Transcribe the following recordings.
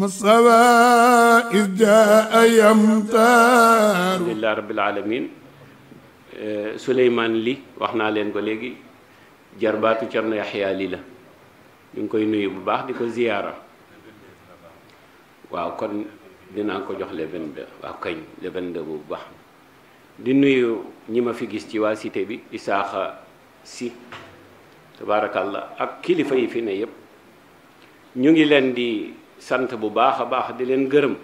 مصطفى إذ جاء يمطار alhamdulilah rabbil alamin eh, Souleymane Ly wax naa leen ko léegi jarbaatu Cerno Yaxya Ly la ñu ngi koy nuyu bu baax di ko ziyaara waaw kon dinaa ko jox le 22 waaw kañ le 22 bu baax di nuyu ñi ma fi gis ci waa cité bi Isaaxa si tabaarakallah ak kilifa yi fi ne yépp ñu ngi leen di sant bu baax a baax di leen gërëm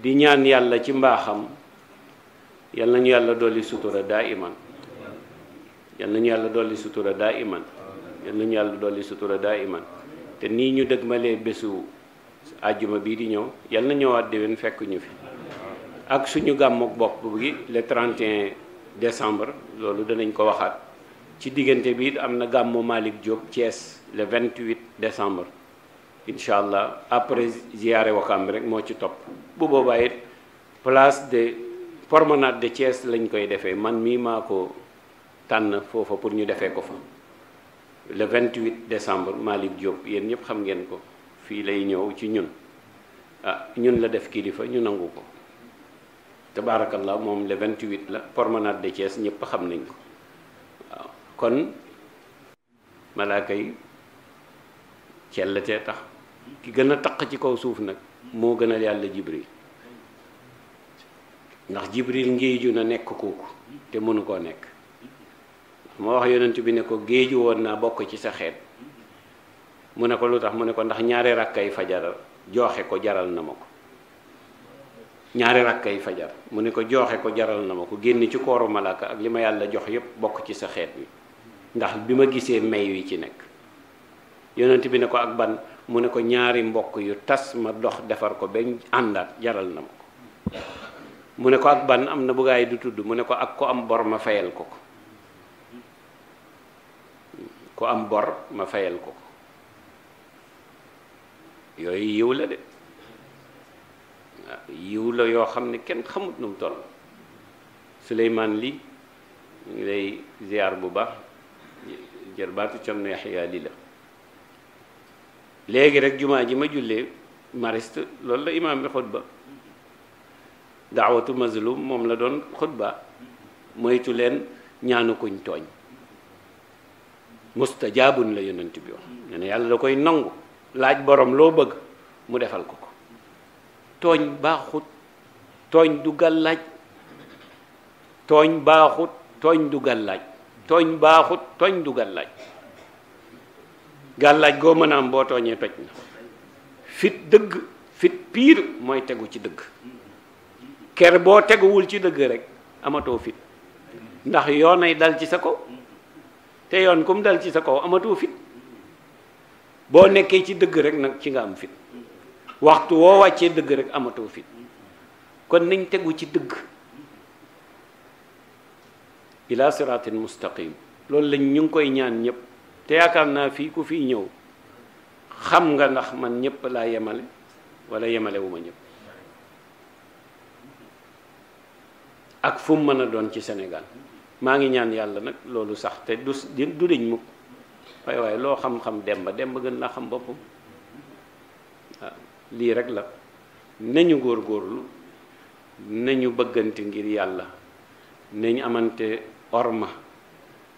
di ñaan yàlla ci mbaaxam yal nañu yàlla dolli sutura daa iman yal nañu yàlla dolli sutura daa iman yal nañu yàlla dolli sutura daa iman te nii ñu dëgmalee bésu àjjuma bii di ñëw yal na ñëwaat déwén fekk ñu fi ak suñu gàmmuk bopp gi le 31 décembre loolu danañ ko waxaat ci diggante bi am na gàmmu Malick Diop Thiès le 28 décembre incha allah après ziare wakaam bi rek moo ci topp bu boobaa it place de promenade de Thiès lañ koy defee man mii maa ko tànn foofa pour ñu defee ko fa le 28 décembre Malick Diop yéen ñëpp xam ngeen ko fii lay ñëw ci ñun ah ñun la def kilifa ñu nangu ko tabaarakallah moom le 28 la promenade de Thiès ñëpp xam nañ ko waaw kon malaaka yi cell tax ki gën a taq ci kaw suuf nag moo gënal yàlla jibril ndax jibril ngéeju na nekk kooku te mënu koo nekk moo wax yonent bi ne ko géeju woon naa bokk ci sa xeet mu ne ko lu tax mu ne ko ndax ñaari rakkay fajar joxe ko jaral na ma ko ñaari rakkay fajar mu ne ko joxe ko jaral na ma ko génn ci kooru malaaka ak li ma yàlla jox yépp bokk ci sa xeet bi ndax bi ma gisee may wi ci nekk yonent bi ne ko ak ban mu ne ko ñaari mbokk yu tas ma dox defar ko bañ àndaat jaral na ko mu ne ko ak ban am na bu du tudd mu ne ko ak ko am bor ma fayal ko ko ku am bor ma fayal ko ko yooyu yiw la de yiw la yoo xam ne kenn xamut nu mu toll Suleymaan li ngi lay ziar bu baax jër baatu com ne yaxyaa li la léegi rek jumaa ji ma jullee mariste loolu la imaam bi xutba daawatu mazlum moom la doon xutba moytu leen ñaanu koñ tooñ mustajaabun la yonent bi wax ne ne yàlla da koy nangu laaj borom loo bëgg mu defal ko ko tooñ baaxut tooñ du laaj tooñ baaxut tooñ du laaj tooñ baaxut tooñ du gàllaaj gàllaaj goo mën a am boo tooñee toj na fit dëgg fit piir mooy tegu ci dëgg ker boo teguwul ci dëgg rek amatoo fit ndax yoon ay dal ci sa kaw te yoon kum dal ci sa kaw amatoo fit boo nekkee ci dëgg rek nag ci nga am fit waxtu woo wàccee dëgg rek amatoo fit kon nañ tegu ci dëgg ila siratin mustaqim loolu lañ ñu ngi koy ñaan ñëpp te yaakaar naa fii ku fi ñëw xam nga ndax man ñépp laa yemale walla yemalewuma ñépp ak fum mën a doon ci senegal maa ngi ñaan yàlla nag loolu sax te du du deñ mukk waaye waaye loo xam-xam demba demba gën laa xam boppam lii rekk la nañu góorgóorlu nañu bëggante ngir yàlla nañu amante orma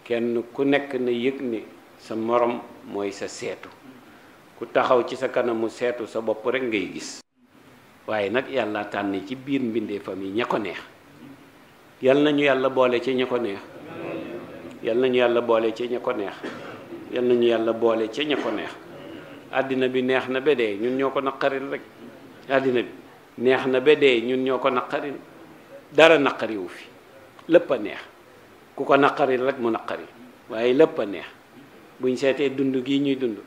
kenn ku nekk na yëg ni sa morom mooy sa seetu ku taxaw ci sa kanamu seetu sa bopp rek ngay gis waaye nag yàlla tànn ci biir mbindeefam yi ña ko neex yal nañu yàlla boole ci ña ko neex nañu yàlla boole ci ña ko neex yal nañu yàlla boole ci ña ko neex àddina bi neex na ba dee ñun ñoo ko naqaril rek àddina bi neex na ba dee ñun ñoo ko naqaril dara naqariwu fi lépp a neex ku ko naqaril rek mu naqari waaye lépp neex buñ seetee dund gii ñuy dund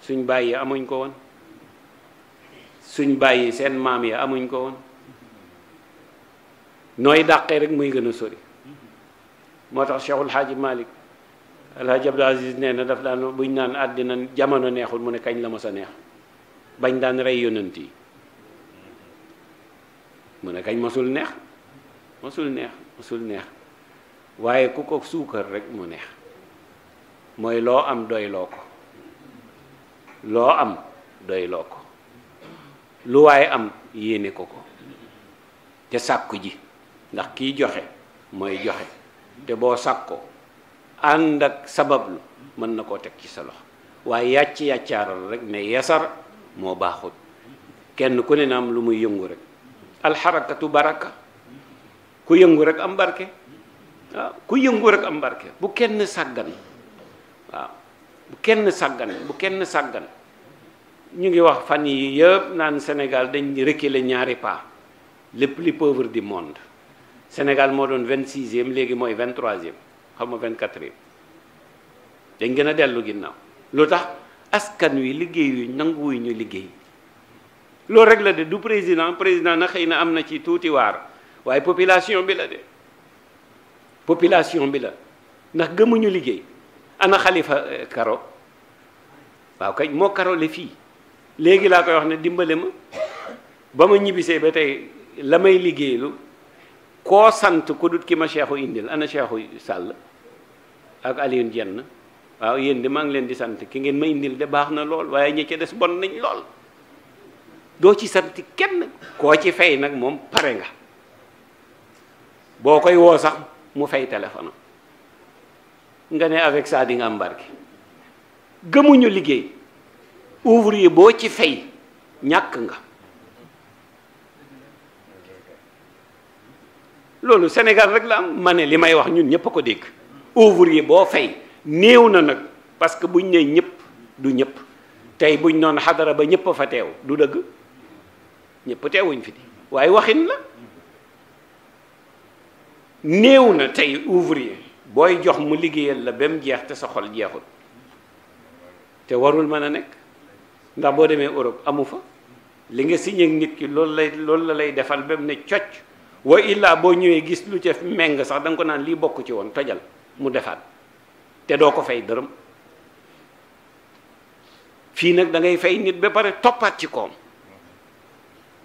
suñ bàyyi amuñ ko woon suñ bàyyi seen maam yi amuñ ko woon nooy dàqee rek muy gën a sori moo tax Cheikhul Xaaji Malik Alhaji Abdou Aziz nee na daf daan buñ naan àddina jamono neexul mu ne kañ la mos a neex bañ daan rey yonent yi mu ne kañ mosul neex mosul neex mosul neex waaye ku ko suukar rek mu neex mooy loo am doyloo ko loo am doyloo ko lu waay am yéene ko ko te sàkku ji ndax kiy joxe mooy joxe te boo sàkkoo ànd ak sabablu mën na koo teg ci sa loxo waaye yàcc yàccaaral rek ne yasar moo baaxut kenn ku ne na am lu muy yëngu rek alxarakatu baraka ku yëngu rek am barke ku yëngu rek am barke bu kenn sàggan bu kenn sàggan bu kenn sàggan ñu ngi wax fan yi yëpp naan Sénégal dañ reculer ñaari pas le plus pauvre du monde Sénégal moo doon vingt sixième léegi mooy vingt troisième xam nga vingt quatrième dañ gën a dellu ginnaaw lu tax askan wi liggéey yu nanguwuy ñu liggéey loolu rek la de du président président na xëy na am na ci tuuti waar waaye population bi la de population bi la ndax gëmuñu liggéey ana xalifa eh, karo waaw kañ moo karo le fii léegi laa koy wax ne dimbale ma ba ma ñibbisee ba tey la may liggéeylu koo sant ku ki ma seexu indil ana seexu sàll ak Alioune Dieng waaw yéen de maa ngi leen di sant ki ngeen ma indil de baax na lool waaye ñi des bon nañ lool doo ci sant kenn koo ci fay nag moom pare nga boo koy woo sax mu fay téléphone nga ne avec ça di nga am barke gëmuñu liggéey ouvrier boo ci fay ñàkk nga loolu Sénégal rek la am ma ne li may wax ñun ñëpp a ko dégg ouvrier boo fay néew na nag parce que buñ ne ñëpp du ñëpp tey buñ noon xadara ba ñëpp a fa teew du dëgg ñëpp teewuñ fi waaye waxin la néew na tey ouvrier booy jox mu liggéeyal la ba mu jeex te sa xol jeexul te warul mën a nekk ndax boo demee Europe amu fa li nga signé nit ki loolu loolu la lay defal ba mu ne coc wa illaa boo ñëwee gis lu ca meng sax danga ko naan lii bokk ci woon tojal mu defaat te doo ko fay dërëm fii nag dangay ngay fay nit ba pare toppaat ci koom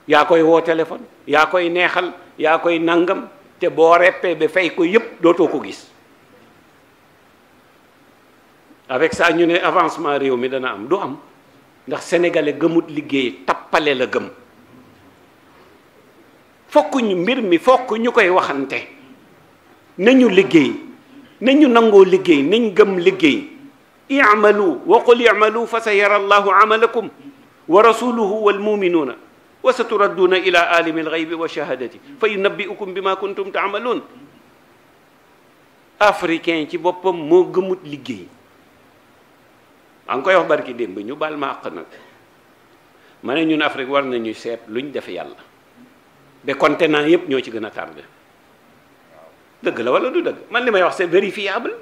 yaa koy woo téléphone yaa koy neexal yaa koy nangam te boo reppee ba fay ko yépp dootoo ko gis avec sa ñu ne avancement réew mi dana am du am ndax sénégalais gëmut liggéey tappale la gëm fokk ñu mbir mi fokk ñu koy waxante nañu liggéey nañu nangoo liggéey nañ gëm liggéey i'malu wa qul i'malu fa sa yara allahu amalakum wa rasuluhu wal muminuuna wa sa turadduuna ila alimi alxaybi wa shahadati fa yunabbi'ukum bima kuntum taamaluun africain ci boppam moo gëmut liggéey maa ngi koy wax barki démb ñu baal ma àq nag ma ne ñun Afrique war nañu seet luñ def yàlla ba continent yépp ñoo ci gën a tardé dëgg la wala du dëgg man li may wax c'est vérifiable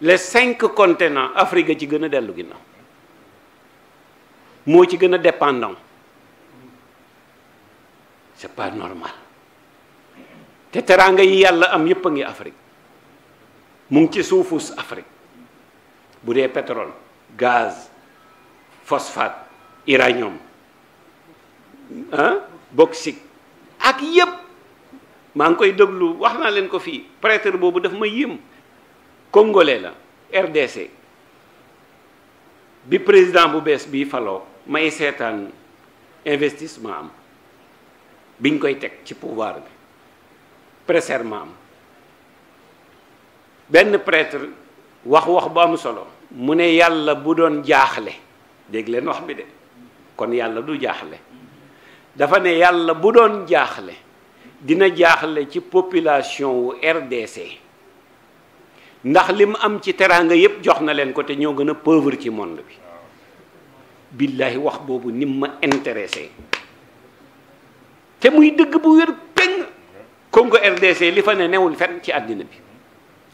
les cinq continents Afrique ci gën a dellu ginnaaw moo ci gën a dépendant c'est pas normal te teraanga yi yàlla am yépp a ngi Afrique mu ngi ci suufus Afrique bu dee pétrole gaz phosphate uranium boksik ak yëpp maa ngi koy déglu wax naa leen ko fii prêtre boobu daf ma yëm congolais la RDC bi président bu bees bii falo may seetaan investissement am biñ koy teg ci pouvoir bi préserment am benn prêtre wax wax bu am solo mu ne yàlla bu doon jaaxle dégg leen wax bi de kon yàlla du jaaxle dafa ne yàlla bu doon jaaxle dina jaaxle ci population wu RDC ndax li mu am ci teraanga yépp jox na leen ko te ñoo gën a pauvre ci monde bi billahi wax boobu nim ma intéressé te muy dëgg bu wér peng Congo RDC li fa ne newul fenn ci àddina bi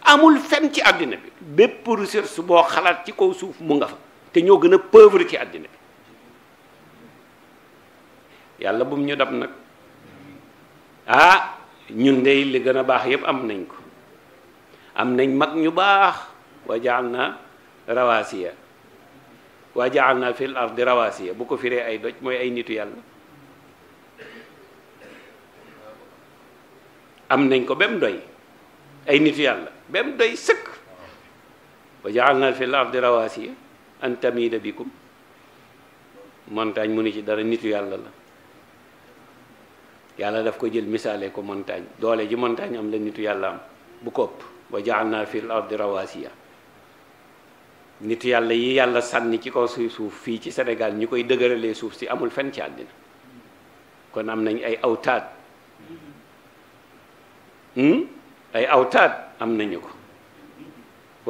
amul fenn ci àddina bi bépp su boo xalaat ci kaw suuf mu nga fa te ñoo gën a pauvre ci àddina bi yàlla bu mu ñu dab nag ah ñun dey li gën a baax yépp am nañ ko am nañ mag ñu baax wa jaal na rawaasiya wa jaal na fil ardi rawaasiya bu ko firee ay doj mooy ay nitu yàlla am nañ ko bem doy ay nitu yàlla ba mu doy sëkk wa naa fi l ardi rawaasiya an tamida bikum montagne mu ni ci dara nitu yàlla la yàlla daf ko jël misaale ko montagne doole ji montagne am la nitu yàlla am bu ko ëpp wa naa fi l ardi rawaasiya nitu yàlla yi yàlla sànni ci kaw suy suuf fii ci senegal ñi koy dëgëralee suuf si amul fenn ci àddina kon am nañ ay awtaat hmm? ay awtaat am nañu ko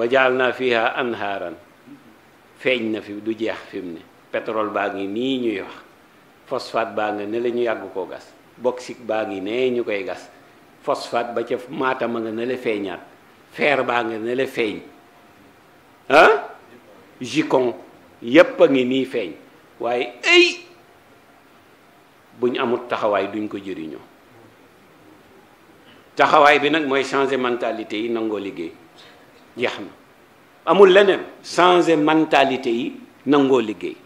wa jaal naa fiha anhaaran feeñ na fi du jeex fim mu ne pétrole baa ngi nii ñuy wax phosphate baa nga ne la ñu yàgg koo gas bauxite baa ngi nee ñu koy gas phosphate ba ca maatam a nga ne la feeñaat fer baa nga ne la feeñ ah jicon yépp a ngi nii feeñ waaye ay buñ ñu amul taxawaay duñ ko jëriñoo taxawaay bi nag mooy changer mentalité yi nangoo liggéey jeex na amul leneen changer mentalité yi nangoo liggéey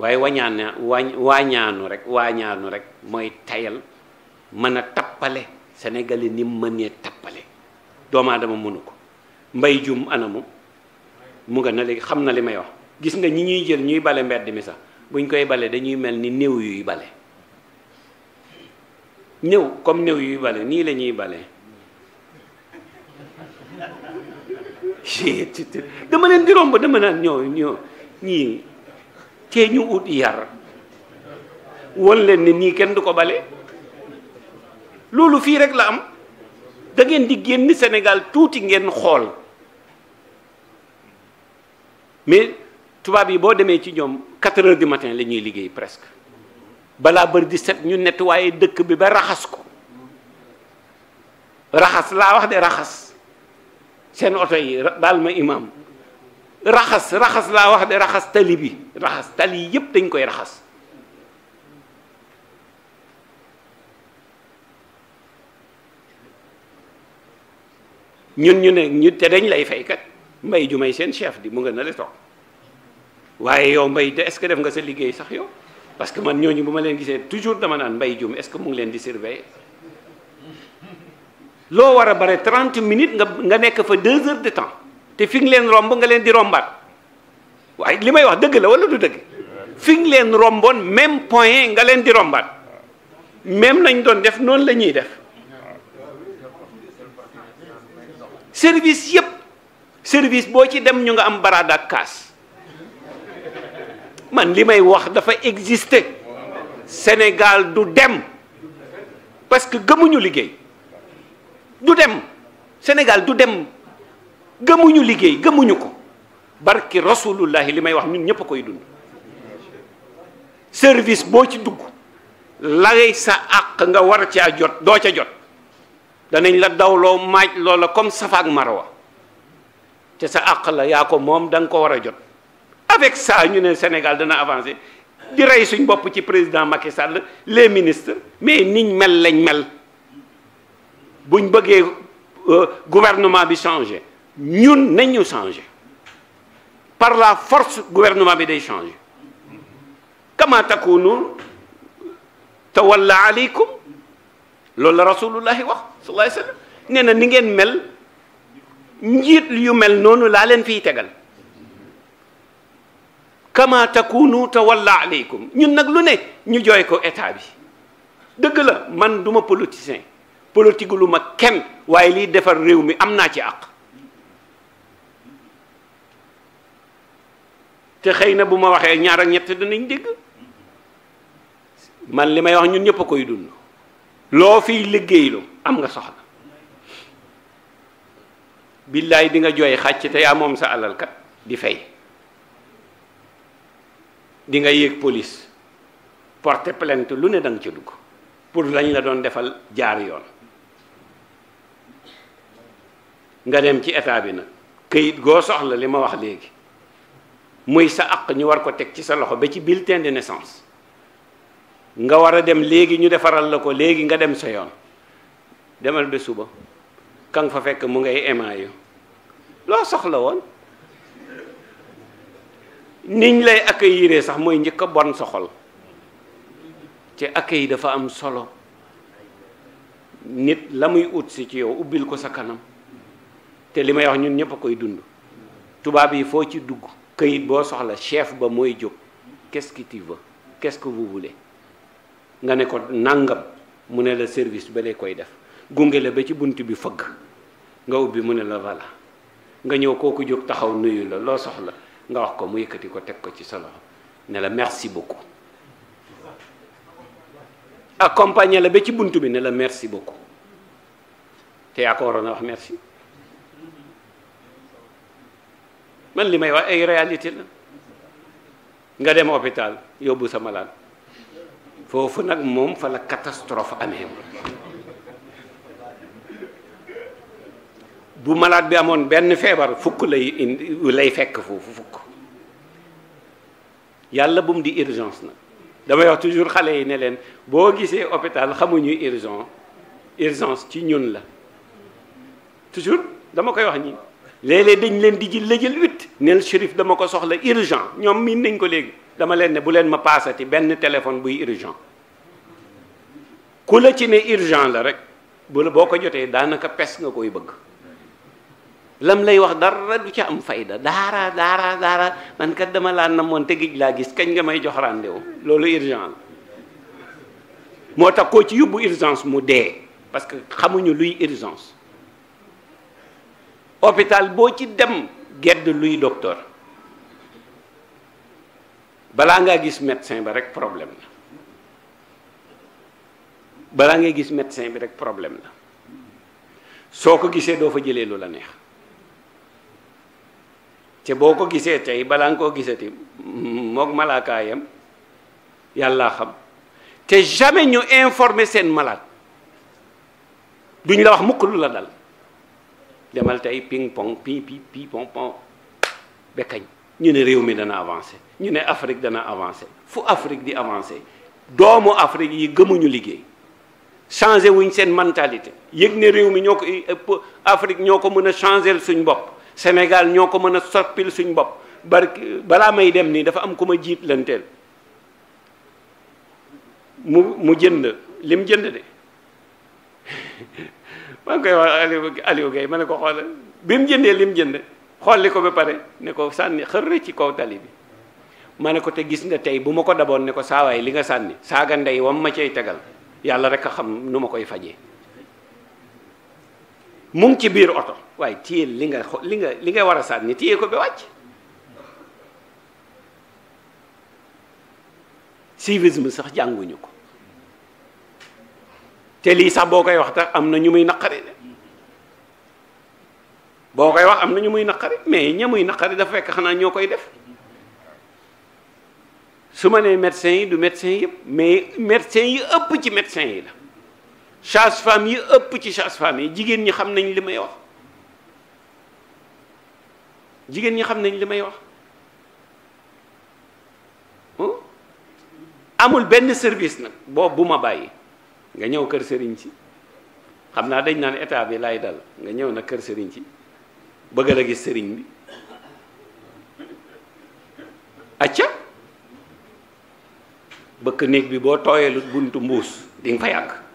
waaye wañaan waañaanu rek waañaanu rek mooy tayal mën a tappale sénégalais ni mu mënee tappale doomu aadama mënu ko mbay jum anamu mu nga na léegi xam na li may wax gis nga ñi ñuy jël ñuy bale mbedd mi sax buñ koy bale dañuy mel ni néew yuy bale néew comme néew yuy bale nii lañuy bale dama leen di romb dama naan ñoo ñoo ñii te ñu ut yar won leen ni nii kenn du ko bale loolu fii rek la am da ngeen di génn Sénégal tuuti ngeen xool mais tubaab yi boo demee ci ñoom 4 heures du matin la ñuy liggéey presque balaa bër di set ñu nettoyé dëkk bi ba raxas ko raxas laa wax de raxas seen oto yi baal ma imaam raxas raxas laa wax de raxas tali bi raxas tali yépp dañ koy raxas ñun ñu ne ñu te dañ lay fay mbay ju may seen chef di mu nga na le toog waaye yow mbay te est-ce que def nga sa liggéey sax yow parce que man ñooñu bu ma leen gisee toujours dama naan mbay jum est-ce que mu ngi leen di surveiller loo war a bare 30 minutes nga nga nekk fa 2 heures de temps te fi nga leen romb nga leen di rombaat waaye li may wax dëgg la walla du dëgg fi nga leen romboon même point nga leen di rombaat même nañ doon def noonu la ñuy def service yëpp service boo ci dem ñu nga am baraada ak kaas man li may wax dafa exister Sénégal du dem parce que gëmuñu liggéey du dem Sénégal du dem gëmuñu liggéey gëmuñu ko barki rasulullahi li may wax ñun ñëpp koy dund service boo ci dugg lay sa àq nga war a caa jot doo ca jot danañ la dawloo maaj loola comme maro wa te sa àq la yaa ko moom da nga ko war a jot avec ça ñu ne Sénégal dana avancer di rey suñ bopp ci président Macky Sall les ministres mais niñ mel lañ mel buñ bëggee euh, gouvernement bi changer ñun nañu changé par la force gouvernement bi day changé kama takunu tawalla aleykum loolu la rasulullahi wax sallallahu nee na ni ngeen mel njiit yu mel noonu laa leen fiy tegal kama takunu walla aleykum ñun nag lu ne ñu jooy ko état bi dëgg la man du ma politicien lu ma kenn waaye liy defar réew mi am naa ci àq te xëy na bu ma waxee ñaar ak ñett dinañ dégg man li may wax ñun ñëpp a koy dund loo fiy liggéeylu am nga soxla billaay di nga jooy xàcc te yaa moom sa alal di fay di nga yéeg police porter plainte lu ne da nga ca dugg pour lañ la doon defal jaar yoon nga dem ci état bi nag këyit goo soxla li ma wax léegi muy sa àq ñu war ko teg ci sa loxo ba ci bulletin de naissance nga war a dem léegi ñu defaral la ko léegi nga dem sa yoon demal ba suba ka fa fekk mu ngay émaillé loo soxla woon niñ lay accueillir sax mooy njëkk a bon soxol ci yi dafa am solo nit la muy ut si ci yow ubbil ko sa kanam te li may wax ñun ñëpp a koy dund tubaab yi foo ci dugg këyit boo soxla chef ba mooy jóg kes ce que tu veux quest nga ne ko nangam mu ne la service ba lay koy def gunge la ba ci bunt bi fëgg nga ubbi mu ne la voilà nga ñëw kooku jóg taxaw nuyu la loo soxla nga wax ko mu yëkkati ko teg ko ci solo loxo ne la merci beaucoup accompagner la ba ci bunt bi ne la merci beaucoup te yaa ko waroon a wax merci man li may wax ay réalité la nga dem hôpital yóbbu sa malade foofu nag moom fa la catastrophe amee bu malade bi amoon benn feebar fukk lay indi lay fekk foofu fukk yàlla bu mu di urgence na damay wax toujours xale yi ne leen boo gisee hôpital xamuñu urgence urgence ci ñun la toujours dama koy wax ñi léeg-léeg dañ leen di jël la jël huit neel dama ko soxla urgent ñoom miin nañ ko léegi dama leen ne bu leen ma paasati benn téléphone buy urgent ku la ci ne urgent la rek bu la boo ko jotee daanaka pes nga koy bëgg lam lay wax dara du ca am fayda daara daara daara man kat dama laa namoon te gi laa gis kañ nga may jox rendez-vous loolu urgence la moo tax koo ci yóbbu urgence mu dee parce que xamuñu luy urgence hôpital boo ci dem gedd luy docteur balaa ngaa gis médecin bi rek problème la balaa ngay gis médecin bi rek problème la soo ko gisee doo fa jëlee lu la neex te boo ko gisee tey balaa nga koo gisati moog malaakaayam yàlla xam te jamais ñu informer seen malade duñ la wax mukk lu la dal demal tey ping pong pi pi pi pong pong ba ñu ne réew mi dana avancé ñu ne Afrique dana avancé fu Afrique di avancé doomu Afrique yi gëmuñu liggéey changé wuñ seen mentalité yëg ne réew mi ñoo ko Afrique ñoo ko mën a changé suñ bopp Sénégal ñoo ko mën a soppil suñ bopp barki balaa may dem nii dafa am ku ma jiit lanteel mu mu jënd lim jënd de maa ngi koy wax Aliou Aliou Gueye ma ne ko xoolal bi mu jëndee lim jënd xolli ko ba pare ne ko sànni xër ci kaw tali bi ma ne ko te gis nga tey bu ma ko daboon ne ko saawaay li nga sànni saaga ndey wam ma cay tegal yàlla rek a xam nu ma koy fajee mu ngi ci biir oto waaye téye li nga li nga li nga war a sànni téye ko ba wàcc civisme sax jànguñu ko te lii sax boo koy waxta am na ñu muy naqari boo koy wax am na ñu muy naqari mais ña muy naqari dafa fekk xanaa ñoo koy def su ma nee médecins yi du médecins yëpp mais médecins yi ëpp ci médecins yi la sage-femme yi ëpp ci sage-femme yi jigéen ñi xam nañ li may wax jigéen ñi xam nañ li may wax hmm? amul benn service nag boobu bu ma bàyyi nga ñëw kër sëriñ si xam naa dañ naan état bi lay dal nga ñëw nag kër sëriñ si bëgga la gis sëriñ bi acca bëkk néeg bi boo tooyalut buntu mbuus di nga fa yàgg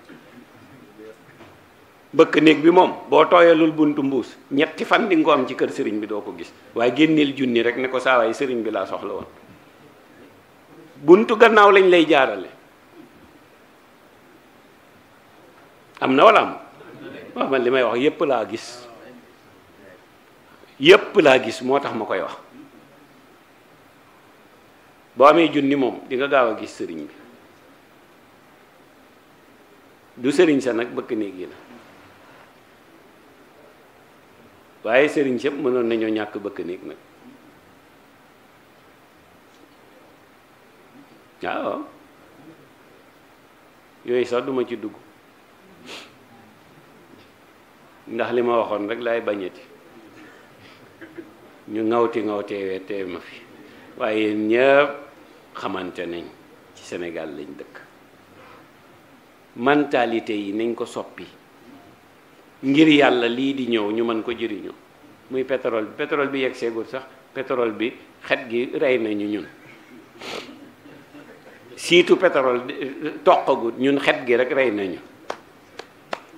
bëkk néeg bi moom boo tooyalul buntu mbuus ñetti fan di nga am ci kër sëriñ bi doo ko gis waaye génneel junni rek ne ko saa waay sëriñ bi laa soxla woon buntu gannaaw lañ lay jaarale am na wala am waaw man li may wax yépp laa gis yépp laa gis moo tax ma koy wax boo amee junni moom di nga gaaw a gis sëriñ bi du sëriñ sa nag bëkk néeg yi la waaye sëriñ sëpp mënoon nañoo ñàkk bëkk néeg nag waaw yooyu sax duma ci dugg ndax li ma waxoon rek laay bañati ñu ŋawti ŋawtee weetee ma fi waaye ñëpp xamante nañ ci Sénégal lañ dëkk mentalité yi nañ ko soppi ngir yàlla lii di ñëw ñu mën ko jëriñu muy pétrole bi pétrole bi yegg seegul sax pétrole bi xet gi rey nañu ñun siitu petarol toqagut ñun xet gi rek rey nañu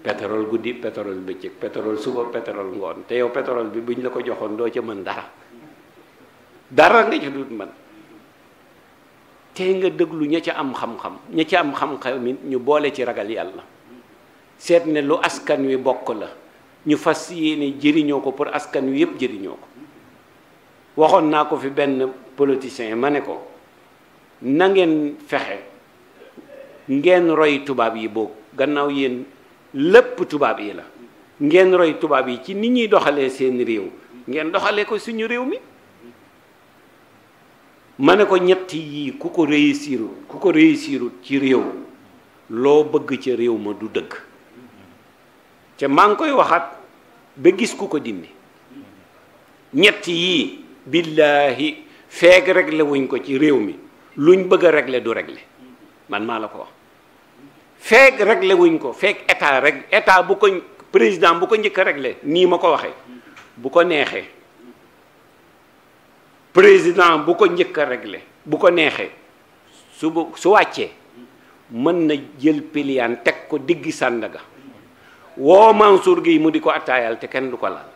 pétrole guddi pétrole bëccëg pétrole suba pétrole ngoon te yow pétrole bi bu ñu la ko joxoon doo ca mën dara dara nga ci dut man te nga déglu ña ca am xam-xam ña am xam-xam ñu boole ci ragal yàlla seet ne lu askan wi bokk la ñu fas yéene jëriñoo ko pour askan wi yëpp jëriñoo ko waxoon naa ko fi benn politicien ma ne ko na ngeen fexe ngeen roy tubaab yi boog gannaaw yéen lépp tubaab yi la ngeen roy tubaab yi ci ni ñuy doxalee seen réew ngeen doxalee ko suñu réew mi ma ne ko ñett yi ku ko réussir ku ko réussirut ci réew loo bëgg ca réew ma du dëkk te maa ngi koy waxaat ba gis ku ko dindi ñett yii billaahi feeg reglewuñ ko ci réew mi luñ bëgg regle réglé du réglé man maa la ko wax feeg reglewuñ ko feeg état rek état bu ko président bu ko njëkk regle nii ma ko waxee bu ko neexee président bu ko njëkk regle bu ko neexee su su wàccee mën na jël piliaan teg ko digg Sandaga woo Mansour Guèye mu di ko attaayal te kenn du ko laal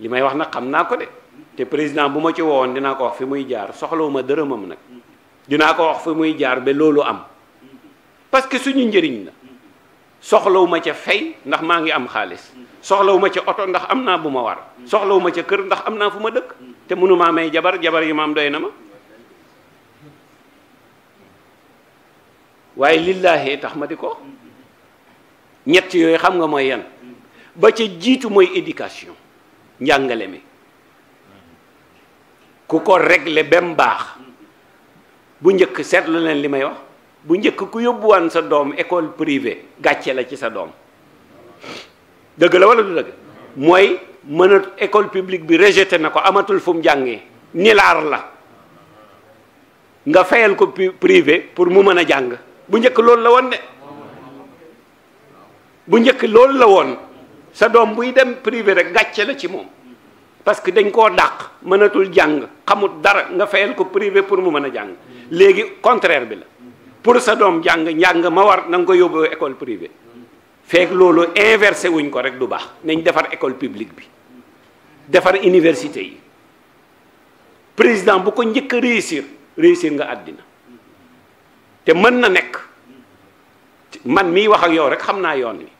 li may wax nag xam naa ko de te président bu ma ci wowoon dinaa ko wax fi muy jaar soxlawuma dërëmam nag dinaa ko wax muy jaar ba loolu am parce que suñu njëriñ la soxlawuma ca fay ndax maa ngi am xaalis soxlawuma ca oto ndax am naa bu ma war soxlawuma ca kër ndax am naa fu ma dëkk te mënumaa may jabar jabar yi ma am doy na ma waaye lillaahi tax ma di ko ñett yooyu xam nga mooy yan ba ca jiitu mooy éducation njàngale mi ku ko regle bem baax bu njëkk seetlu leen li may wax bu njëkk ku yóbbuwaan sa doom école privée gàcce la ci sa doom dëgg la wala du dëgg mooy mën a école publique bi rejeté na ko amatul fu mu jàngee nilaar la nga fayal ko privé pour mu mën a jàng bu njëkk loolu la woon ne bu njëkk loolu la woon sa doom buy dem privé rek gàcce la ci moom parce que dañ koo dàq mënatul jàng xamut dara nga fayal ko privé pour mu mën a jàng léegi contraire bi la pour sa doom jàng njàng ma war na ko yóbbu école privée feek loolu inversé wuñ ko rek du baax nañ defar école publique bi defar université yi président bu ko njëkk a réussir réussir nga àddina te mën na nekk man miy wax ak yow rek xam naa yoon wi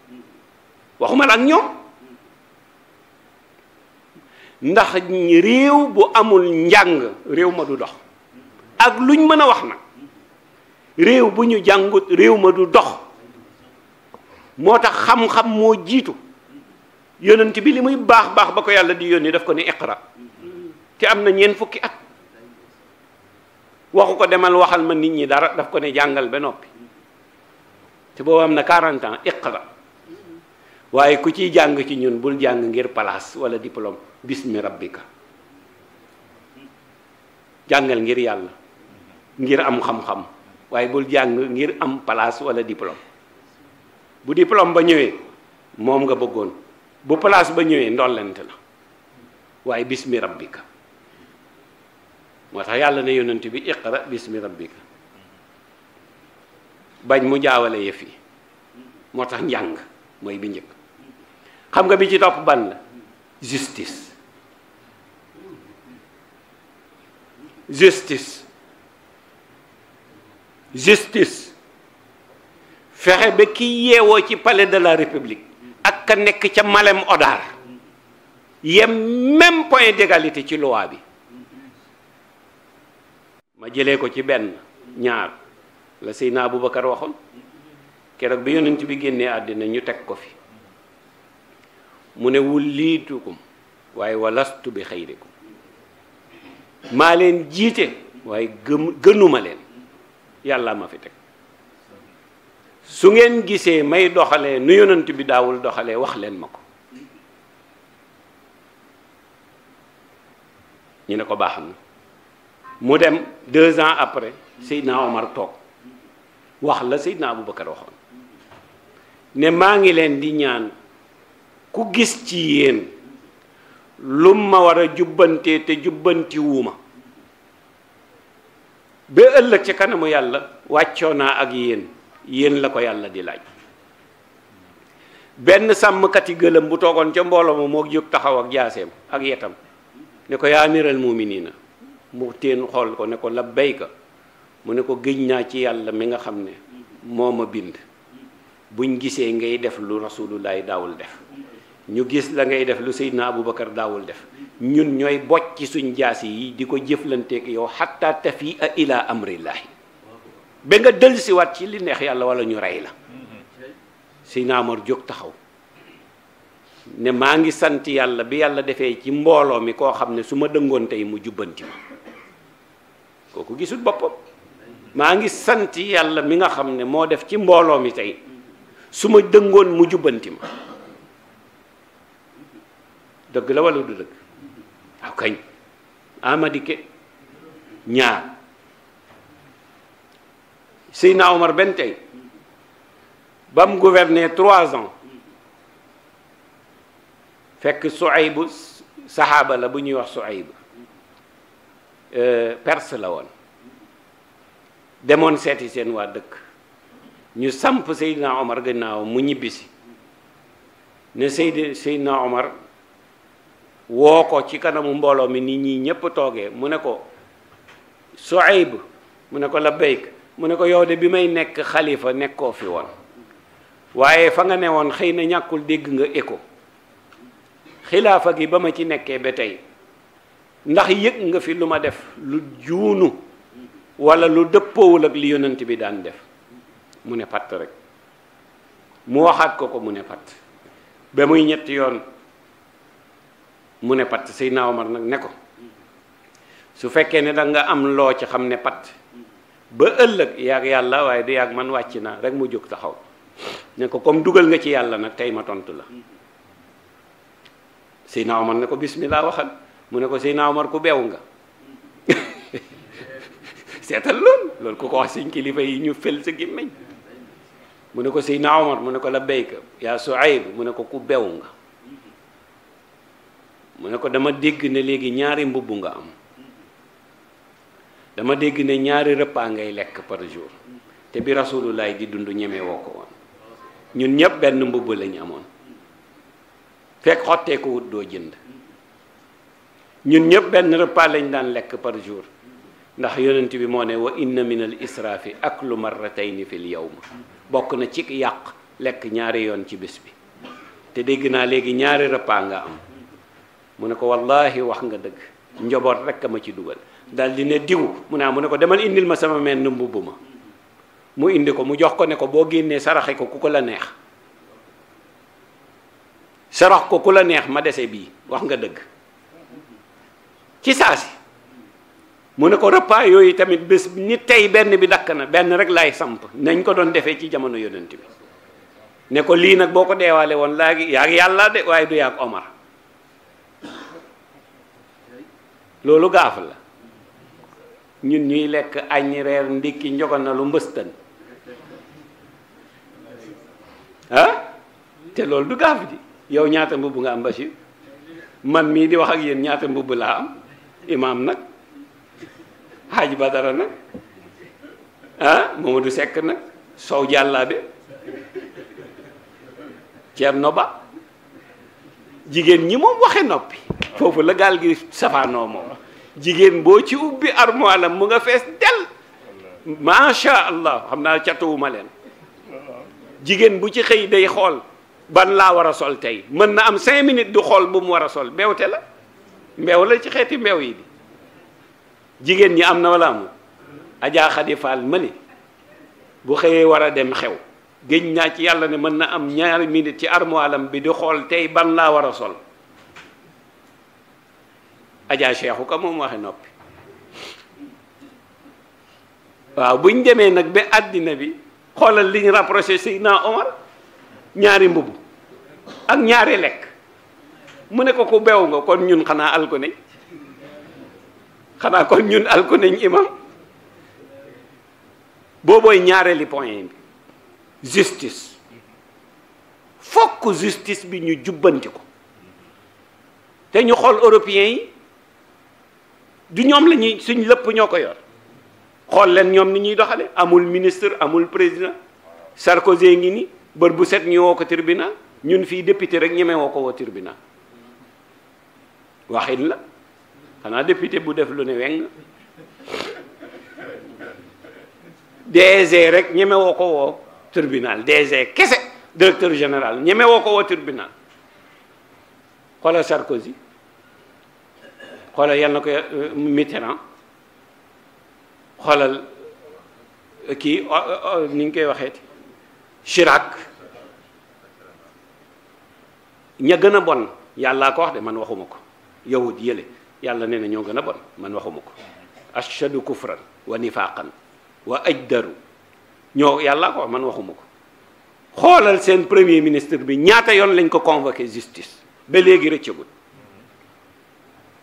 waxuma la ak ñoom ndax réew bu amul njàng réew ma du dox ak luñ mën a wax na réew bu ñu jàngut réew ma du dox moo tax xam-xam moo jiitu yonent bi li muy baax baax ba ko yàlla di yónni daf ko ni iqra te am na ñeent fukki at waxu ko demal waxal ma nit ñi dara daf ko ne jàngal ba noppi te boobu am na 40 ans iqra waaye ku ci jàng ci ñun bul jàng ngir place wala diplôme bismi rabbika jàngal ngir yàlla ngir am xam-xam waaye bul jàng ngir am place wala diplôme bu diplôme ba ñëwee moom nga bëggoon bu palaas ba ñëwee ndollent la waaye bismi rabbika moo tax yàlla ne yonent bi iqra bismi rabbika bañ mu jaawale yëf yi moo tax njàng mooy bi njëkk xam nga bi ci topp ban la justice justice justice fexe ba ki yeewoo ci palais de la république ak ka nekk ca Malem Hodar yem même point d'égalité ci loi bi ma jëlee ko ci benn ñaar la Seydina Aboubacar waxoon keroog bi yonent bi génnee àddina ñu teg ko fi mu ne wulliitukum waaye wallastu bi ko maa leen jiite waaye gëm gënuma leen yàlla ma fi teg su ngeen gisee may doxalee nu yonant bi daawul doxalee wax leen ma ko ñu ne ko baax na mu dem deux ans après Seydina Omar toog wax la Seydina Aboubacar waxoon ne maa ngi leen di ñaan ku gis ci yéen lu ma war a jubbantee te jubbanti wuuma ëllëg ci kanamu yàlla wàccoo naa ak yéen yéen la ko yàlla di laaj benn sàmmkati gëlëm bu toogoon ca mbooloo ma moo jóg taxaw ak jaaseem ak yetam ne ko yaa amiral muminina mu teen xool ko ne ko labbayka mu ne ko géñ naa ci yàlla mi nga xam ne moo ma bind buñ gisee ngay def lu rasulullaay daawul def ñu gis la ngay def lu Seydina Aboubacar daawul def ñun ñooy bocc ci suñ jaasi yi di ko jëflanteeg yow xatta tafi a ila amrillahi ba nga dellusiwaat ci li neex yàlla wala ñu rey la Seydina Omar jóg taxaw ne maa ngi sant yàlla bi yàlla defee ci mbooloo mi koo xam ne su ma dëngoon tey mu jubbanti ma kooku gisul boppam maa ngi sant yàlla mi nga xam ne moo def ci mbooloo mi tey su ma dëngoon mu jubbanti ma dëgg la wala du dëgg waaw kañ amadike ñaar Seydina Omar benn tey ba mu trois ans fekk Suaybu saxaaba la bu ñuy wax su Suaybu euh, perse la woon demoon seeti seen waa dëkk ñu samp Seydina Omar gannaaw mu ñibbisi ne Seydi Seydina Omar woo ko ci kanamu mbooloo mi nit ñi ñépp toogee mu ne ko Suayb mu ne ko la labbayk mu ne ko yow de bi may nekk xalifa nekkoo fi woon waaye fa nga ne woon xëy na ñàkkul dégg nga écho xilaafa gi ba ma ci nekkee ba tey ndax yëg nga fi lu ma def lu juunu wala lu dëppoowul ak li yonent bi daan def mu ne patt rek mu waxaat ko ko mu ne patt ba muy ñetti yoon mu ne patt Seydina Omar nag ne ko su fekkee ne da nga am loo ci xam ne patt ba ëllëg yaag yàlla waaye du yaag man wàcc naa rek mu jóg taxaw ne ko comme dugal nga ci yàlla nag tey ma tontu la Seydina Omar ne ko bismillah waxal mu ne ko Seydina Omar ku beew nga seetal loolu loolu ku ko wax suñ kilifa yi ñu fel sa gémmiñ mu ne ko Seydina Omar mu ne ko la béyka yaa Suayb mu ne ko ku bew nga mu ne ko dama dégg ne léegi ñaari mbubb nga am dama dégg ne ñaari repas ngay lekk par jour te bi rasulullah di dund ñeme ko woon ñun ñëpp benn mbubb lañu amoon fekk xottee ko wut doo jënd ñun ñëpp benn repas lañ daan lekk par jour ndax yonent bi moo ne wa inna fi ak lu mar marratayni fil yawm bokk na ci yàq lekk ñaari yoon ci bis bi te dégg naa léegi ñaari repas nga am mu ne ko wallahi wax nga dëgg njaboot rek a ma ci dugal dal di ne diw mu ne ah, mu ne ko demal indil ma sama menn mbubb ma mu indi ko mu jox ko ne ko boo génnee saraxe ko ku ko la neex sarax ko ku la neex ma dese bii wax nga dëgg ci saasi mu ne ko repas yooyu tamit bés ni tey benn bi dakk na benn rek laay samp nañ ko doon defee ci jamono yonent bi ne ko lii nag boo ko deewaale woon laa gi yaa ngi yàlla de waaye du yaag Omar loolu gaaf la ñun ñuy lekk añ reer ndikki njogal lu mbëstan ah te loolu du gaaf ji yow ñaata mbubb nga am Bachir man mii di wax ak yéen ñaata mbubb laa am imam nag Haji Badara nag ah Mamadou sekk nag Sow Jàllaabe Ceerno Ba jigéen ñi moom waxe noppi foofu la gaal gi safaanoo moom jigéen boo ci ubbi armoire mu nga fees del macha allah xam naa catuwuma leen jigéen bu ci xëy day xool ban laa war a sol tey mën na am cinq minutes du xool bu mu war a sol mbewte la mbew la ci xeeti mbew yi bi jigéen ñi am na wala amul Adja Khady Fall ma ne bu xëyee war a dem xew géñ naa ci yàlla ne mën na am ñaari minute ci armoilam bi di xool tey ban laa war a sol ajaa seexu ka moom waxe noppi waaw buñ demee nag ba àddina bi xoolal li ñu rapproché naa Omar ñaari mbubb ak ñaari lekk mu ne ko ku bew nga kon ñun xanaa alku nañ xanaa kon ñun alku nañ imam boobooy ñaareeli point bi justice fokk justice bi ñu jubbanti ko te ñu xool européens yi du ñoom la ñuy suñ lépp ñoo ko yor xool leen ñoom ni ñuy doxale amul ministre amul président Sarkozy ngi ni bër bu set ñu woo ko tribunal ñun fii député rek ñeme woo ko woo tribunal waxit la xanaa député bu def lu ne weng DG e rek ñeme woo ko woo tribunal DG kese directeur général ñeme woo ko woo tribunal xoola Sarkozy xoolal yal na ko euh, Mitterrand xoolal euh, kii ni ñu koy waxeeti Chirac ña gën a bon yàllaa ko wax de man waxuma ko yahud yële yàlla nee na ñoo gën a bon man waxuma ko ashadu kufran wa nifaqan wa ajdaru ñoo yàlla ko man waxuma ko xoolal seen premier ministre bi ñaata yoon lañ ko convoqué justice ba léegi rëccagul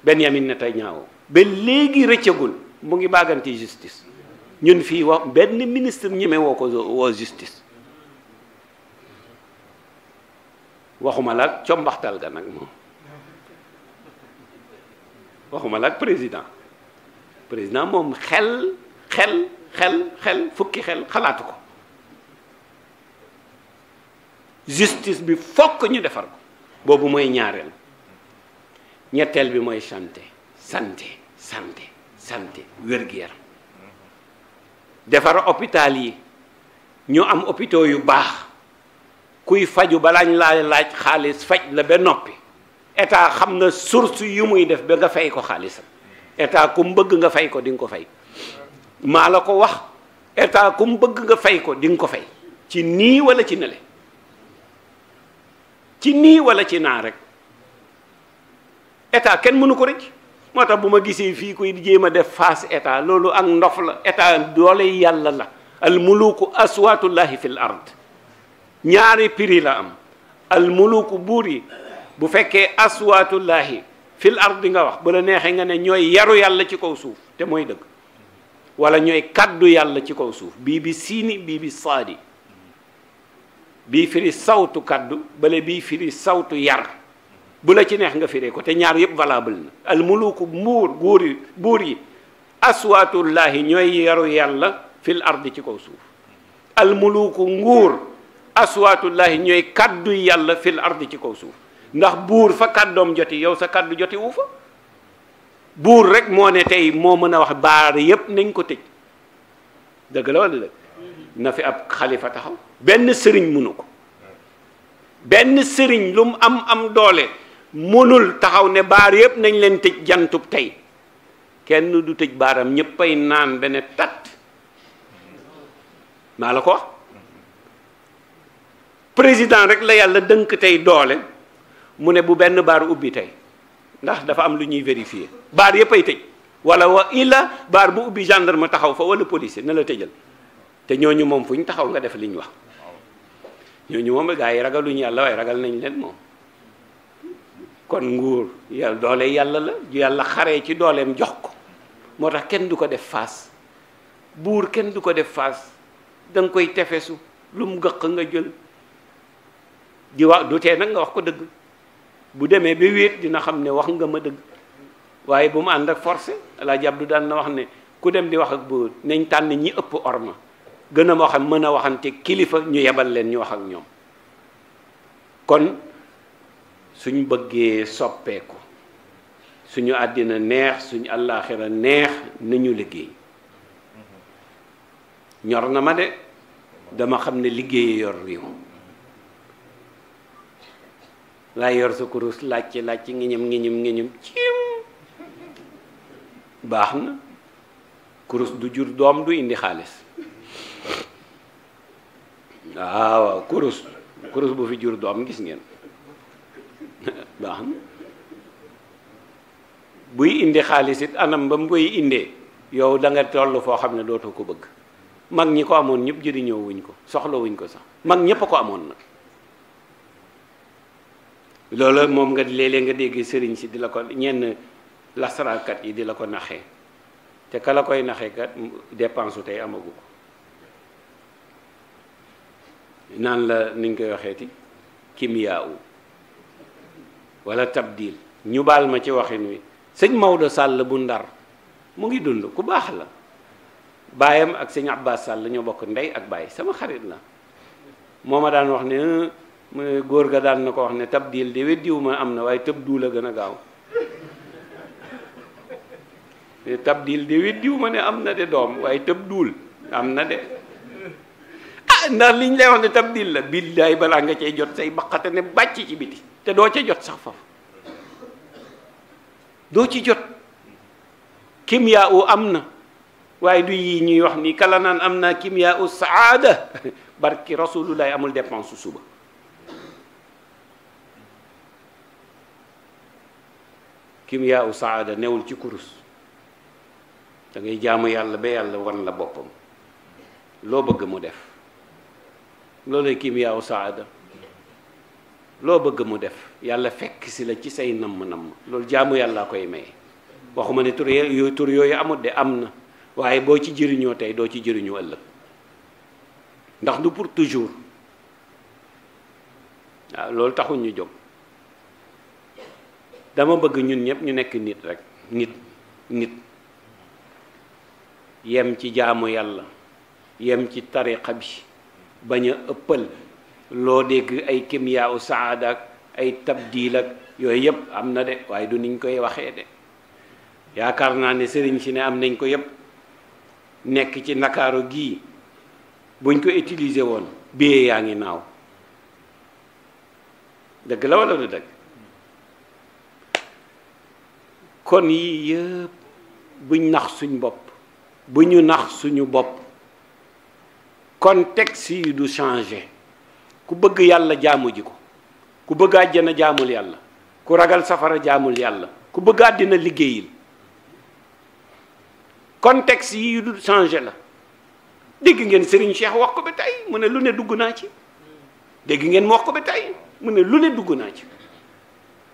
Benyamin Netanyahu ba léegi rëccagul mu ngi bàgganti justice ñun fii wax benn ministre ñeme woo ko woo justice waxuma la combaxtal ga nag moom waxuma la président président moom xel xel xel xel fukki xel xalaatu ko justice bi fokk ñu defar ko boobu mooy ñaareel ñetteel bi mooy santé santé santé santé wér-gu-yaram defar hôpital yi ñu am hôpitaux yu baax kuy faju balaañ laa laaj xaalis faj na ba noppi état xam na source yu muy def ba nga fay ko xaalisam état ku mbëgg nga fay ko di nga ko fay maa la ko wax état ku mu bëgg nga fay ko di ko fay ci nii wala ci nele ci nii walla ci naa rek état kenn mënu ko rëcc moo tax bu ma gisee fii kuy jéem a def face état loolu ak ndof la état doole yàlla la al muluku aswaatullahi fil ard ñaari prix la am al buur yi bu fekkee aswaatullahi fil ard nga wax bala neexee nga ne ñooy yaru yàlla ci kaw suuf te mooy dëgg wala ñooy kàddu yàlla ci kaw suuf bii bi siini bii bi saadi bii firi sawtu kàddu bale bii firi sawtu yar bu la ci neex nga firi ko te ñaar yëpp valable na al mbuur guur yi buur yi aswaatullaahi ñooy yaru yàlla fil ardi ci kaw suuf al muluku nguur aswaatullaahi ñooy kàddu yàlla fil ardi ci kaw suuf ndax buur fa kàddoom joti yow sa kàddu joti fa buur rek moo ne tey moo mën a wax baar yépp nañ ko tëj dëgg la na fi ab xalifa taxaw benn sëriñ mënu ko benn sëriñ lu mu am am doole mënul taxaw ne baar yépp nañ leen tëj jantub tey kenn du tëj baaram ñéppay naan bene tat maa la ko wax président rek la yàlla dënk tey doole mu ne bu benn baar ubbi tey ndax dafa am lu ñuy vérifier baar yëpp ay tëj wala wa illa baar bu ubbi gendarme taxaw fa wala policier na la tëjal te ñooñu moom fu ñu taxaw nga def li ñu wax ñooñu moom gaa yi ragaluñ yàlla waaye ragal nañ leen moom kon nguur yàlla doole yàlla la yàlla xare ci dooleem jox ko moo tax kenn du ko def faas buur kenn du ko def faas da nga koy tefesu lu mu gëq nga jël di wax du tee nag nga wax ko dëgg bu demee ba wéet dina xam ne wax nga ma dëgg waaye bu mu ànd ak forcé laa jàpp du daan na wax ne ku dem di wax ak bu nañ tànn ñi ëpp orma gën a wax mën a waxante kilifa ñu yebal leen ñu wax ak ñoom kon suñu bëggee soppeeku suñu àddina neex suñu àllaaxira neex nañu liggéey ñor na ma de dama xam ne liggéey yor réew laa yor sa kurus laaj ci laaj ngi ci ngiñum ngiñum ngiñum ciim baax na kurus du jur doom du indi xaalis ah, waaw kurus kurus bu fi jur doom gis ngeen baax na buy indi xaalis yit anam ba mu koy indee yow danga nga foo xam ne dootoo ko bëgg mag ñi ko amoon ñëpp jëriñoo wuñ ko soxla wuñ ko sax mag ñëpp ko amoon nag loola moom nga léeg-léeg nga dégg sëriñ si di la ko ñenn lasaraankat yi di la ko naxee te ka la koy naxee kat dépense su tey amagu ko naan la niñ koy waxeeti kimia u wala tabdil ñu baal ma ci waxin wi sëñ Maodo sàll bu ndar mu ngi dund ku baax la baayam ak sëñ Abbas Sall ñoo bokk ndey ak baay sama xarit la moo ma daan wax ne mu góor ga daal na ko wax ne tabdil de weddiwu ma am na waaye tëb duul gën a gaaw tabdil de weddiwu ma ne am na de doom waaye tëb duul am na de ah ndax liñ lay wax ne tabdil la billaay balaa nga cay jot say baqate ne bàcc ci biti te doo ca jot sax foofu doo ci jot kimyaa u am na waaye du yi ñuy wax ni kala naan am naa kimyaa u saada barki rasulullahi amul dépense su suba kimyaa u saada newul ci kurus dangay ngay jaamu yàlla ba yàlla wan la boppam loo bëgg mu def loolu kimyaa u saada loo bëgg mu def yàlla fekk si la ci say namm-namm loolu jaamu yàllaa koy maye waxuma ne tur yooyu tur yooyu amut de am na waaye boo ci jëriñoo tey doo ci jëriñoo ëllëg ndax du pour toujours waaw loolu taxul ñu jóg dama bëgg ñun ñëpp ñu nekk nit rek nit nit yem ci jaamu yàlla yem ci tariqa bi bañ a ëppal loo dégg ay kimya saada ak ay tabdiil ak yooyu yëpp am na de waaye du niñ koy waxee de yaakaar naa ne sëriñ si ne am nañ ko yëpp nekk ci ndakaaru gii buñ ko utiliser woon biyee yaa ngi naaw dëgg la wala du dëgg kon yii yëpp buñ nax suñ bopp bu ñu nax suñu bopp contexte yi du changé ku bëgg yàlla jaamu ji ko ku bëgg àjjana jaamul yàlla ku ragal safara jaamul yàlla ku bëgg àddina liggéeyil contexte yi du changé la dégg ngeen Serigne Cheikh wax ko ba tey mu ne lu ne dugg naa ci dégg ngeen mu wax ko ba tey mu ne lu ne dugg naa ci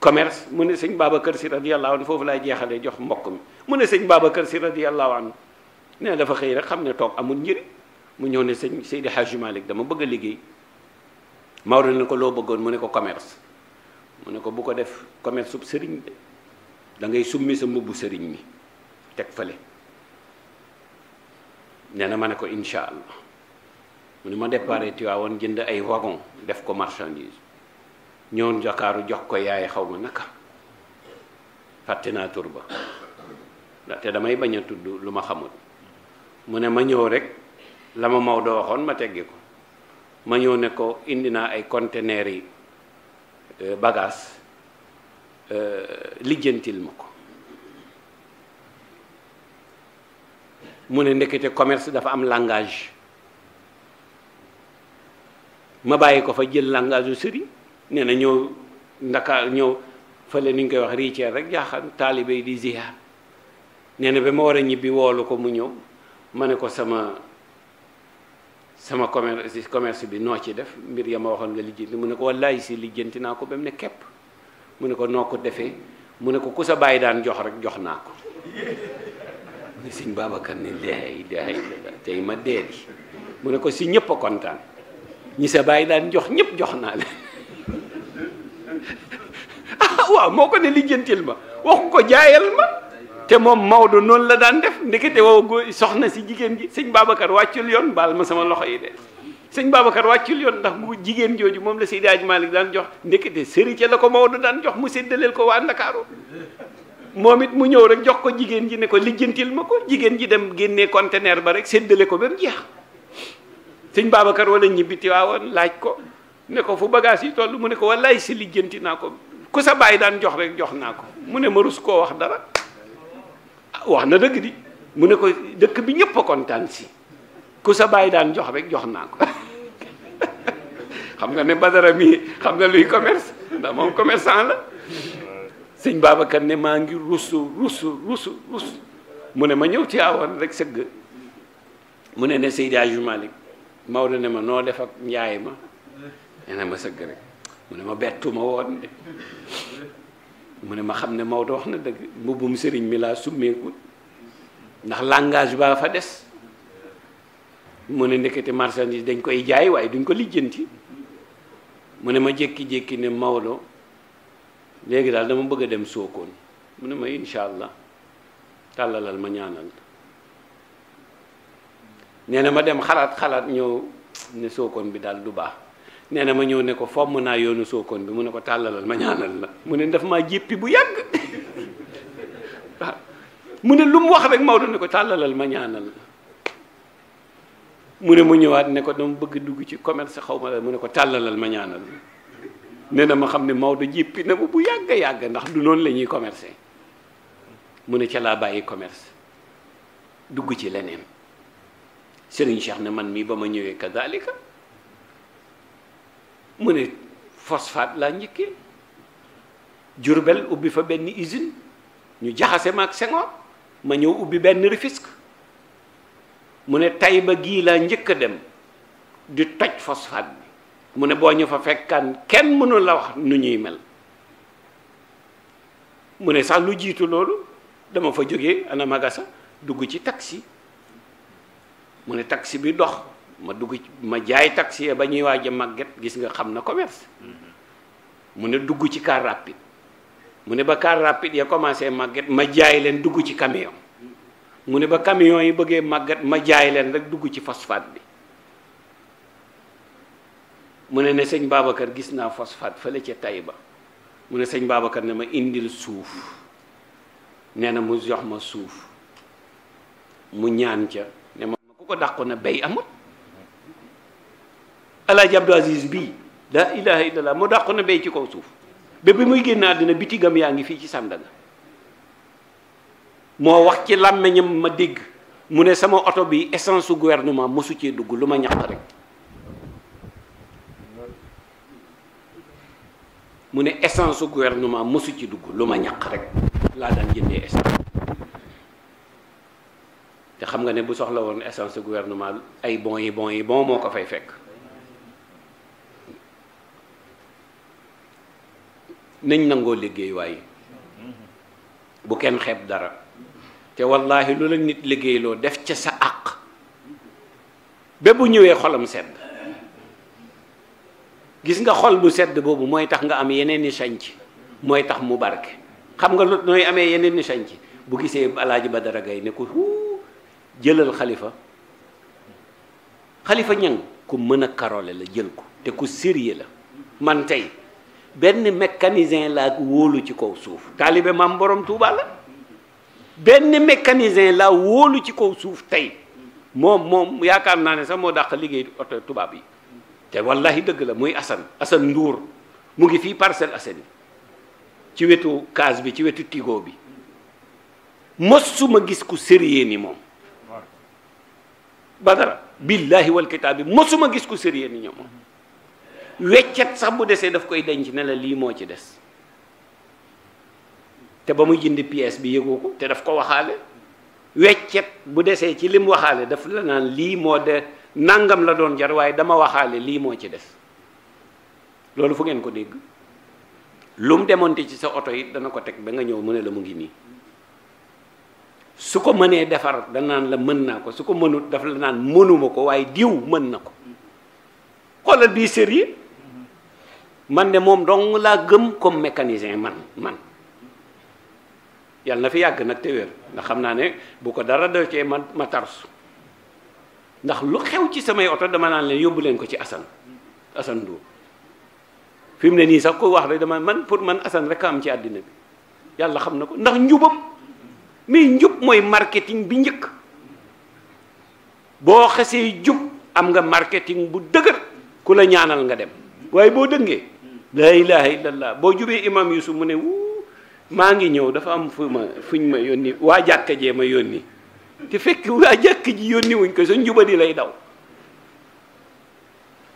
commerce mu ne sëñ Babacar si radiyallahu anhu foofu laay jeexalee jox mbokk mi mu ne sëñ Babacar si radiyallahu anhu nee dafa xëy rek xam ne toog amul njëriñ mu ñëw ne sëñ Seydi Hadji Malick dama bëgg a liggéey Maodo ne ko loo bëggoon mu ne ko commerce mu ne ko bu ko def commerce sub sëriñ da ngay summi sa mbubbu sëriñ mi teg fale nee na ma ne ko incha allah mu ne ma déparé Tiwaawoon jënd ay wagon def ko marchandise ñëwoon Ndakaaru jox ko yaay xaw ma naka fàtte naa tur ba ndaxte damay bañ a tudd lu ma xamul mu ne ma ñëw rek la ma Maodo waxoon ma tegge ko ma ñëw ne ko indi naa ay conteneur yi euh, bagaas euh, lijjantil ma ko mu ne ndekete commerce dafa am langage ma bàyyi ko fa jël langage u nee na ñëw ndaka ñëw fële ni ñu koy wax riceer rek jaaxal taalibe yi di ziar nee na ba ma war a ñibbi woolu ko mu ñëw ma ne ko sama sama commerce commerce bi noo ci def mbir ya ma waxoon nga lijjanti mu ne ko wallaay si lijjanti naa ko ba mu ne képp mu ne ko noo ko defee mu ne ko ku sa bàyyi daan jox rek jox naa ko mu ne sëñ Babacar ne laay laay tey ma dee di mu ne ko si ñëpp a kontaan ñi sa bàyyi daan jox ñëpp jox naa leen ah waaw moo ko ne lijjantil ma waxu ko jaayal ma te moom Maodo noonu la daan def ndekete woo soxna si jigéen gi sëñ Babacar wàccul yoon baal ma sama loxo yi de sëñ Babacar wàccul yoon ndax mu jigéen jooju moom la Seydi Hadji Malick daan jox ndekete sëri ca la ko Maodo daan jox mu séddaleel ko waa Ndakaaru moom it mu ñëw rek jox ko jigéen ji ne ko lijjantil ma ko jigéen ji dem génnee conteneur ba rek séddale ko ba mu jeex sëñ Babacar wala ñibbi Tiwaawoon ne ko fu bagage yi toll mu ne ko wallaay si lijjanti naa ko ku sa bàyyi daan jox rek jox naa ko mu ne ma rus koo wax dara ah, wax na dëgg di mu ne ko dëkk bi ñëpp a kontaan si ku sa bàyyi daan jox rek jox naa ko xam nga ne Badara mi xam nga luy commerce ndax moom commerçant la sëñ Babacar ne maa ngi rusu rusu rusu rusu mu ne ma ñëw ci awoon rek sëgg mu ne ne Seydi Hadji Malick Maodo ne ma noo def ak njaay ma nee na ma sëgg rek mu ne ma bettuma woon de mu ne ma xam ne Maodo wax na dëgg mbubbum sëriñ mi laa summeekul ndax langage baa fa des mu ne ndekete marchandise dañ koy jaay waaye duñ ko lijjanti mu ne ma jékki-jékki ne Maodo léegi daal dama bëgg a dem Sokone mu ne ma incha allah tàllalal ma ñaanal nee na ma dem xalaat xalaat ñëw ne Sokone bi daal du baax nee na ma ñëw ne ko fomm naa yoonu sookoon bi mu ne ko tàllalal ma ñaanal la mu ne daf maa jippi bu yàgg mu ne lu mu wax rek Maodo ne ko tàllalal ma ñaanal la mu ne mu ñëwaat ne ko dama bëgg dugg ci commerce xaw ma la mu ne ko tàllalal ma ñaanal la nee na ma xam ne Maodo jéppi na ma bu yàgg a ndax lu noonu la ñuy commercer mu ne ca laa bàyyi commerce dugg ci leneen Serigne Cheikh ne man mii ba ma ñëwee kazalika mu ne phosphate laa njëkkee Jurbel ubbi fa benn usine ñu jaxase ma ak Senghor ma ñëw ubbi benn Rufisque mu ne Taïba gii laa njëkk a dem di toj phosphate bi mu ne boo ñu fa fekkaan kenn mënul la wax nu ñuy mel mu ne sax lu jiitu loolu dama fa jóge ana magasa dugg ci taxi mu ne taxi bi dox ma dugg ma jaay taxi ba ñuy waaj a màgget gis nga xam na commerce mu ne dugg ci car rapide mu ne ba car rapide ya commencé màgget ma jaay leen dugg ci camion mu ne ba camion yi bëggee màgget ma jaay leen rek dugg ci phosphate bi mu ne ne sëñ Babacar gis naa phosphate fële ca Taïba mu ne sëñ Babacar ne ma indil suuf nee na mu jox ma suuf mu ñaan ca ne ma ku ko dàqu na béy amut alaaji Abdou Aziz bii laa ilaha illallah moo dàqoon na béy ci kaw suuf ba bi muy génn àddina biti gam yaa ngi fii ci Sandaga moo wax ci làmmeñam ma dégg mu ne sama oto bi essence su gouvernement mosu cee dugg lu ma ñaq rek mu ne essence su gouvernement mosu ci dugg lu ma ñaq rek laa daan jëndee essence te xam nga ne bu soxla woon essence su gouvernement ay bon yi bon yi bon moo ko fay fekk nañ nangoo liggéey waaye bu kenn xeb dara te wallaahi lu la nit liggéeyloo def ca sa àq ba bu ñëwee xolam sedd gis nga xol bu sedd boobu mooy tax nga am yeneen i sanc mooy tax mu barke xam nga lu nooy amee yeneen i sanc bu gisee ba dara gay ne ko jëlal xalifa xalifa ñang ku mën a karole la jël ko te ku sérieux la man tey benn mécanicien laa wóolu ci kaw suuf taalibe maam borom Touba la benn mécanicien laa wóolu ci kaw suuf tey moom moom yaakaar naa ne sax moo dàq liggéey oto tubaab yi te wallahi dëgg la muy Assane Assane Ndour mu ngi fii Parcelles Assainies ci wetu kaas bi ci wetu tigo bi mosuma gis ku sérieux ni moom Badara billahi wal kitaabi mosuma gis ku sérieux ni ñoom moom weccet sax bu desee daf koy denc ne la lii moo ci des te ba mu jënd pièce bi yëgu ko te daf ko waxaale weccet bu desee ci lim waxaale daf la naan lii moo de nangam la doon jar waaye dama waxaale lii moo ci des loolu fu ngeen ko dégg lu demoonte ci sa oto yi dana ko teg ba nga ñëw mu ne la mu ngi nii su ko mënee defar danaan la mën naa ko su ko mënut daf la naan mënuma ko waaye diw mën na ko xoolal bii sérieux man de moom dong laa gëm comme mécanicien man man yàlla na fi yàgg nag te ndax xam naa ne bu ko dara def cee ma ma tarsu ndax lu xew ci samay oto dama naan leen yóbbu leen ko ci Assane Assane Ndour fi mu ne nii sax ko wax rek dama man pour man Assane rek am ci àddina bi yàlla xam na ko ndax njubam mais njub mooy marketing bi njëkk boo xesee jub am nga marketing bu dëgër ku la ñaanal nga dem waaye boo dëngee laa ilaha illallah boo jubee imam yusuf mu ne wuu maa ngi ñëw dafa am fu ma fuñ ma yónni waa jàkka jee ma yónni te fekk waa jàkka ji yónni wuñ ko sa njubadi lay daw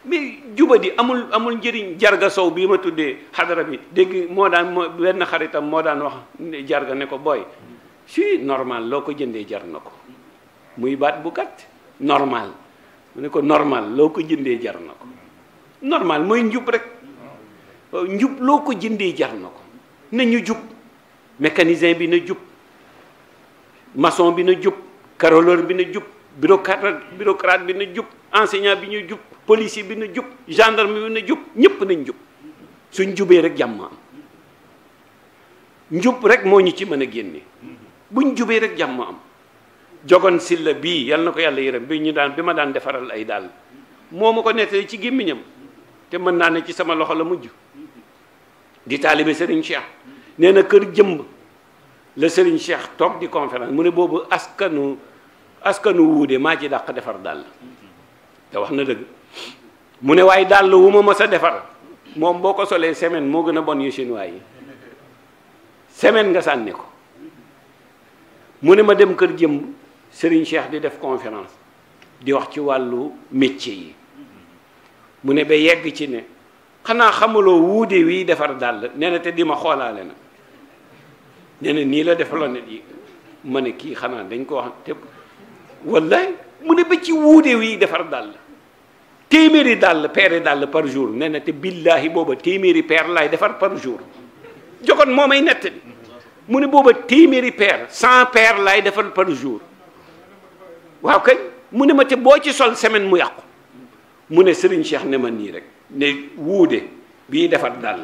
mais jubadi amul amul njëriñ jarga sow bii ma tuddee xadara bi dégg moo daan moo benn xaritam moo daan wax jarga ne ko booy si normal loo ko jëndee jar na ko muy baat bu gàtt normal mu ne ko normal loo ko jëndee jar na ko normal mooy njub rek njub loo ko jëndee jar na ko na ñu jub mécanicien bi na jub mason bi na jub caroleur bi na jub bureaucrate bureaucrate bi na jub enseignant bi ñu jub policier bi na jub gendarme bi na jub ñëpp nañ jub suñ jubee rek jàmm am njub rek moo ñu ci mën a génne buñ jubee rek jàmm am jogon silla bii yal na ko yàlla yërëm bi ñu daan bi ma daan defaral ay dàll moo ma ko nettali ci gémmiñam te mën naa ne ci sama loxo la mujj di taalibe Serigne Cheikh nee na kër jëmb la Serigne Cheikh toog di conférence mu ne boobu askanu askanu wuude maa ci dàq defar dàll te wax na dëgg mu ne waaye dàll wu ma mës defar moom boo ko solee semaine moo gën a bon yu chinois yi semaine nga sànni ko mu ne ma dem kër jëmb Serigne Cheikh di def conférence di wax ci wàllu métier yi mu ne ba yegg ci ne xanaa xamuloo wuude wii defar dàll nee na te di ma xoolaale na nee nii la defaloon yi ma ne kii xanaa dañ ko wax te wallaay mu ne ba ci wuude wii defar dàll téeméeri dàll peeri dàll par jour nee na te billaahi booba téeméeri peer laay defar par jour jokoon moom ay nett bi mu ne booba téeméeri peer cent peer laay defar par jour waaw kay mu ne ma te boo ci sol semaine mu yàqu mu ne Serigne Cheikh ne ma nii rek ne wuude bii defar dàll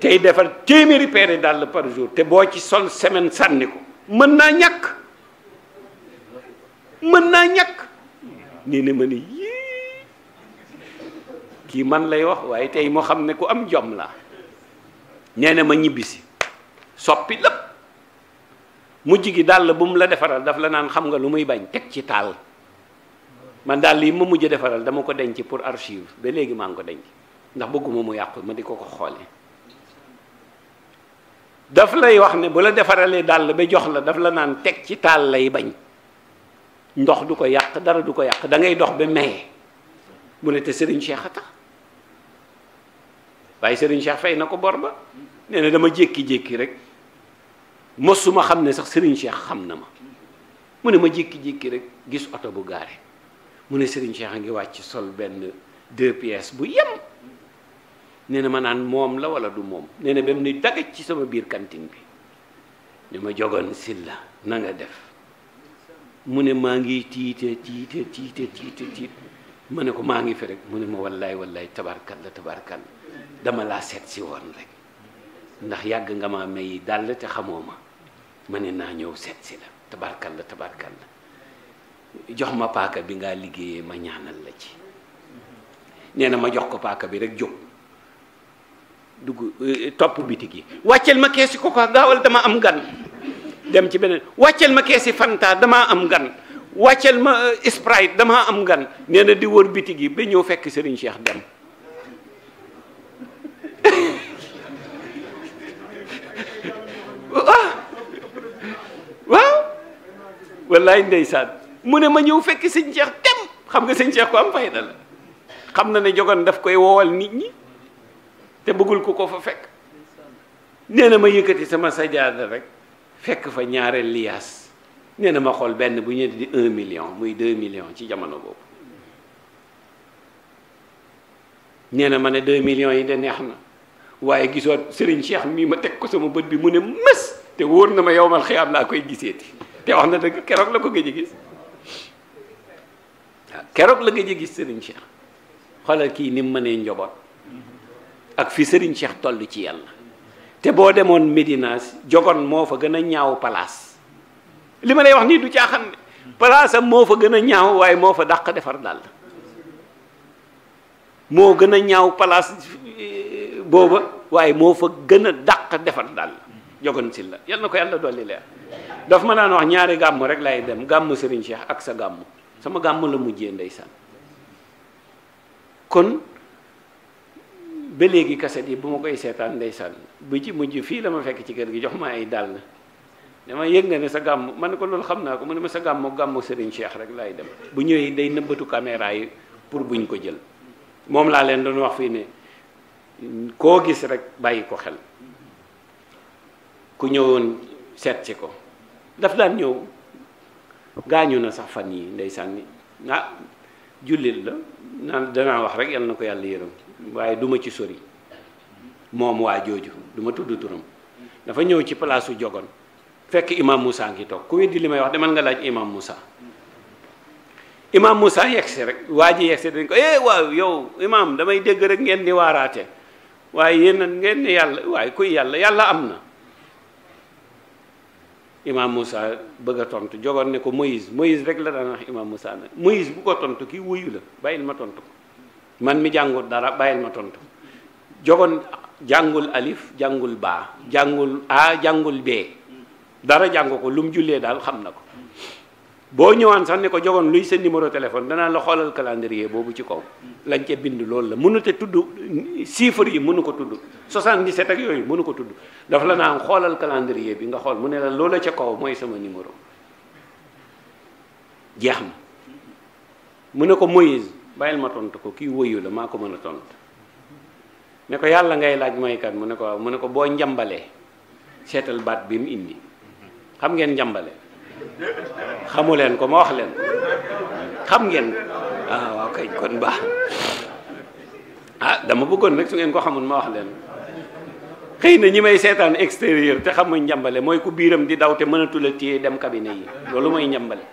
tey defar téeméeri peere dàll par jour te boo ci sol semaine sànni ko mën naa ñàkk mën naa ñàkk nee na ma ne yii kii man lay wax waaye tey moo xam ne ku am jom la nee ne ma ñibbisi soppi lépp mujj gi dàll bu mu la defaral daf la naan xam nga lu muy bañ teg ci taal man daal lii ma mujj defaral dama ko denc pour archive ba léegi maa ngi ko denc ndax bëgguma mu yàqu ma di ko ko xoolee daf lay wax ne bu la defaralee dàll ba jox la daf la naan teg ci taal lay bañ ndox du ko yàq dara du ko yàq da ngay dox ba maye mu ne te Serigne Cheikh a waaye sëriñ Cheikh fay na ko bor ba nee na dama jékki-jékki rek mosuma xam ne sax sëriñ Cheikh xam na ma mu ne ma jékki-jékki rek gis oto bu gaare mu ne Serigne Cheikh a ngi wàcc sol benn deux pièces bu yem nee na ma naan moom la wala du moom nee na ba ni dagaj ci sama biir kantin bi ni ma jogoon silla la nanga def mu ne maa ngi tiite tiite tiite tiite tiit ma ne ko maa ngi fe rek mu ne ma wallaay wallaay tabarkal la tabarkal dama laa seet si woon rek ndax yàgg nga ma may dàll te xamoo ma ma ne naa ñëw seet si la tabarkal la tabarkal la jox ma paaka bi ngaa liggéeyee ma ñaanal la ci nee na ma jox ko paaka bi rek jóg dugg eh, topp bitig yi wàccel ma keesi ko ko gaawal dama am gan dem ci beneen wàccel ma keesi fanta dama am gan wàccel ma eh, sprite dama am gan nee na di wër bitig yi ba ñëw fekk Serigne Cheikh dem waaw wallaay ndeysaan mu ne ma ñëw fekk sëñ Cheikh dem xam nga sëñ Cheikh ko am fayda la xam na ne jogoon daf koy woowal nit ñi te bëggul ko ko fa fekk nee na ma yëkkati sama sajaada rek fekk fa ñaareel liyaas nee na ma xool benn bu ñetti di un million muy deux million ci jamono boobu nee na ma ne deux millions yi de neex na waaye gisoon Serigne Cheikh mii ma teg ko sama bët bi mu ne mës te wóor na ma yow mal xiyaam laa koy giseeti te wax na dëgg keroog la ko gëj a gis keroog la nga gis Serigne Cheikh xoolal kii ni mu mënee njaboot ak fi Serigne Cheikh toll ci yàlla te boo demoon Medina jogoon moo fa gën a ñaaw palaas li ma lay wax nii du caaxaan ne place moo fa gën a ñaaw waaye moo fa daq defar daal moo gën a ñaaw place eh, booba waaye moo fa gën a daq defar daal jogoon si la yal na ko yàlla dolli leer daf ma daan wax ñaari gàmm rek lay dem gàmm Serigne Cheikh ak sa gàmm. sama gàmm la mujjee ndeysaan kon ba léegi kaset yi bu ma koy seetaan ndeysaan bu ci mujj fii la ma fekk ci kër gi jox ma ay dàll dama yëg nga ne sa gàmm man ko loolu xam naa ko mu ne ma sa gàmm gàmmu Serigne Cheikh rek laay dem bu ñëwee day nëbbatu caméra yi pour buñ ko jël moom laa leen doon wax fii ne koo gis rek bàyyi ko xel ku ñëwoon seet si ko daf daan ñëw gaañu na sax fan yi ndeysaan ah jullit la naan danaa wax rek yal na ko yàlla yërëm waaye duma ci sori moom waa jooju du tudd turam dafa ñëw ci palaasu jogon fekk imam Moussa ngi toog ku weddi li may wax demal nga laaj imam Moussa imam Moussa yegsi rek waa ji yegsi dañ ko eh waaw yow imam damay dégg rek ngeen di waaraate waaye yéen ngeen yàlla waaye kuy yàlla yàlla am na imaam Moussa bëgg a tontu jogoon ne ko Moïse Moïse rek la daan wax imaam Moussa ne Moïse bu ko tontu kii wuyu la bàyyil ma tontu ko man mi jàngul dara bàyyil ma tontu jogoon jàngul alif jàngul baa jàngul a jàngul bee dara jàng ko lu mu julee daal xam na ko boo ñëwaan sax ne ko jogoon luy sa numéro téléphone danaa la xoolal calendrier boobu ci kaw lañ ca bind loolu la mënu te tudd chiffres yi mënu ko tudd 77 ak yooyu mënu ko tudd dafa la naa xoolal calendrier bi nga xool mu ne la loola ca kaw mooy sama numéro jeex na mu ne ko Moïse bàyyil ma tontu ko kii woyu la maa ko mën a tontu ne ko yàlla ngay laaj mooy kan mu ko mu ne ko boo njambalee seetal baat bi mu indi xam ngeen njambale xamu leen ko ma wax leen xam ngeen ah waaw kay kon baax ah dama bëggoon rek su ngeen ko xamul ma wax leen xëy na ñi may seetaan extérieur te xamuñ njàmbale mooy ku biiram di daw te mënatul a téye dem cabinet yi loolu mooy njàmbale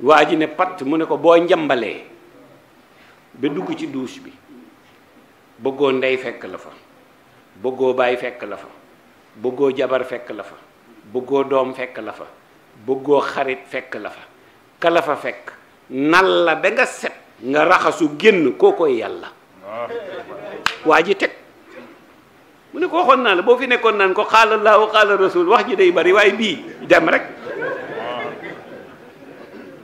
waa ji ne pat mu ne ko boo njambalee ba dugg ci douche bi bëggoo ndey fekk la fa bëggoo baay fekk la fa bëggoo jabar fekk la fa bëggoo doom fekk la fa bëggoo xarit fekk la fa kala fekk nal la ba raxasu génn koo yàlla waa ji teg mu ne ko naa la boo fi nekkoon naan ko xaala laahu xaala rasul wax ji day bari waaye bii dem rek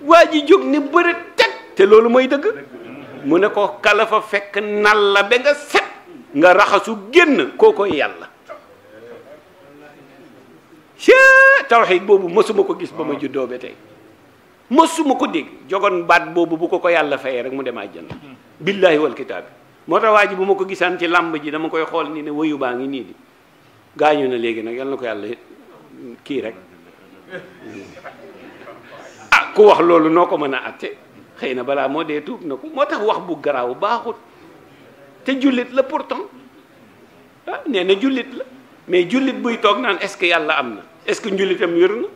waa ji jóg ne bëri teg te loolu mooy dëgg ne ko kala fekk nal la ba nga set nga raxasu génn koo koy yàlla tawxiid boobu mësuma ko gis ba ma ah. juddoo ba tey mësuma ko dégg jogoon baat boobu bu ko ko yàlla fayee rek mu dem àjjana hmm. billaahi wal bi moo tax waa ji bu ma ko gisaan ci làmb ji dama koy xool ni ne wayu baa ngi nii na léegi nag yal ko yàlla kii rek hmm. ah ku wax loolu noo ko mën a atte xëy na balaa moo dee tuub na ko moo tax wax bu garaaw baaxut te jullit la pourtant ah nee na jullit la mais jullit buy toog naan est-ce que yàlla am na est-ce que njullitam wér na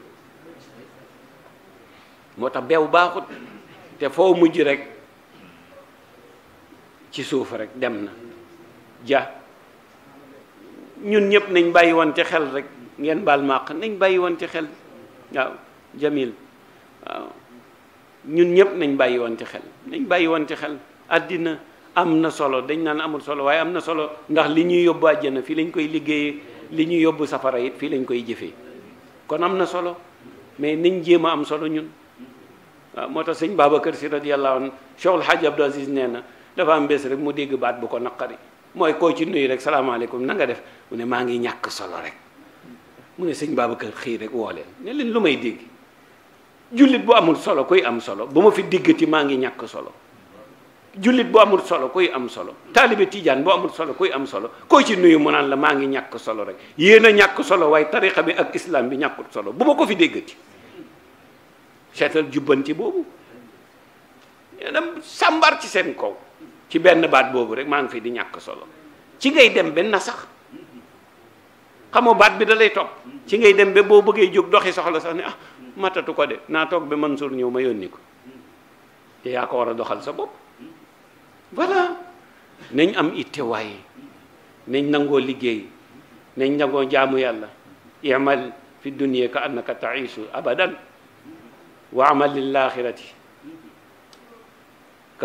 moo tax beew baaxut te foo mujj rek ci suuf rek dem na ja ñun ñëpp nañ bàyyi woon ci xel rek ngeen baal màq nañ bàyyi woon ci xel waaw ñun ñëpp nañ bàyyi woon ci xel nañ bàyyi woon ci xel àddina am na solo dañ naan amul solo waaye am na solo ndax li ñuy yóbbu na fii lañ koy liggéeyee li ñuy yóbbu safara yit fii lañ koy jëfee kon am na solo mais niñ jéem am solo ñun waaw moo tax sëñ Babacar Si radiyallahu anhu Cheikhul Hadj Abdou Aziz nee na dafa am bés rek mu dégg baat bu ko naqari mooy koo ci nuyu rek salaamaaleykum na nga def mu ne maa ngi ñàkk solo rek mu ne sëñ Babacar xii rek woo leen ne leen lu may dégg jullit bu amul solo kuy am solo bu ma fi diggati maa ngi ñàkk solo jullit bu amul solo kuy am solo taalibe tijaan bu amul solo kuy am solo koo ci nuyu mu naan la maa ngi ñàkk solo rek yéen a ñàkk solo waaye tarixa bi ak islam bi ñàkkul solo bu ma ko fi déggati seetal jubbanti boobu yéen sàmbar ci seen kaw ci benn baat boobu rek maa ngi fi di ñàkk solo ci ngay dem ba na sax xamoo baat bi dalay lay topp ci ngay dem ba boo bëggee jóg doxi soxla sax ne ah matatu ko de naa toog ba Mansour ñëw ma yónni ko te yaa ko war a doxal sa bopp voilà nañ am itte waaye nañ nangoo liggéey nañ nangoo jaamu yàlla imal fi dunya ka annaka taisu abadan wa amal lil axirati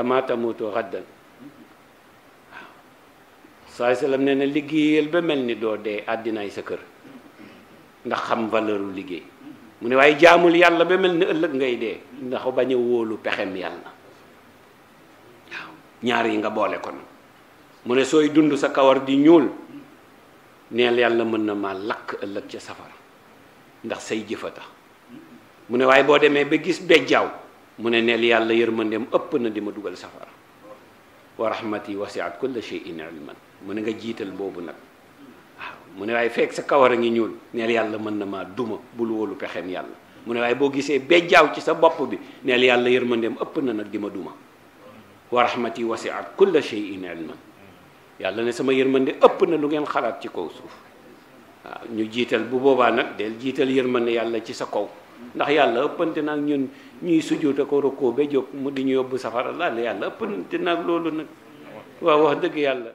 moto tamutu gaddan waaw saai sallam nee liggéeyal ba mel ni doo dee àddinaay sa kër ndax xam valeuru liggéey mu ne waaye jaamul yàlla ba mel ni ëllëg ngay dee ndax bañ a wóolu pexem yàlla ñaar yi nga boole ko nag mu ne sooy dund sa kawar di ñuul nel yàlla mën na maa lakk ëllëg ca safara ndax say jëfa mu ne waaye boo demee ba gis bejjaaw mu ne neel yàlla yërmandeem ëpp na di ma dugal safara wa rahmati wasiat kulla shay'in ilman mu ne nga jiital boobu nag mu ne waaye fekk sa kawar a ngi ñuul neel yàlla mën na maa duma bul wóolu pexeem yàlla mu ne waaye boo gisee bejjaaw ci sa bopp bi neel yàlla yërmandeem ëpp na nag di ma duma wa rahmati wasi'at kulla shay'in ilman yàlla ne sama yërmande ëpp na lu ngeen xalaat ci kaw suuf waaw ñu jiital bu boobaa nag del jiital yërmande yàlla ci sa kaw ndax yàlla ëppante nag ñun ñuy sujjóota ko rukkoo ba jóg mu di ñu yóbbu safara laal yàlla ëppante nag loolu nag waaw wax dëgg yàlla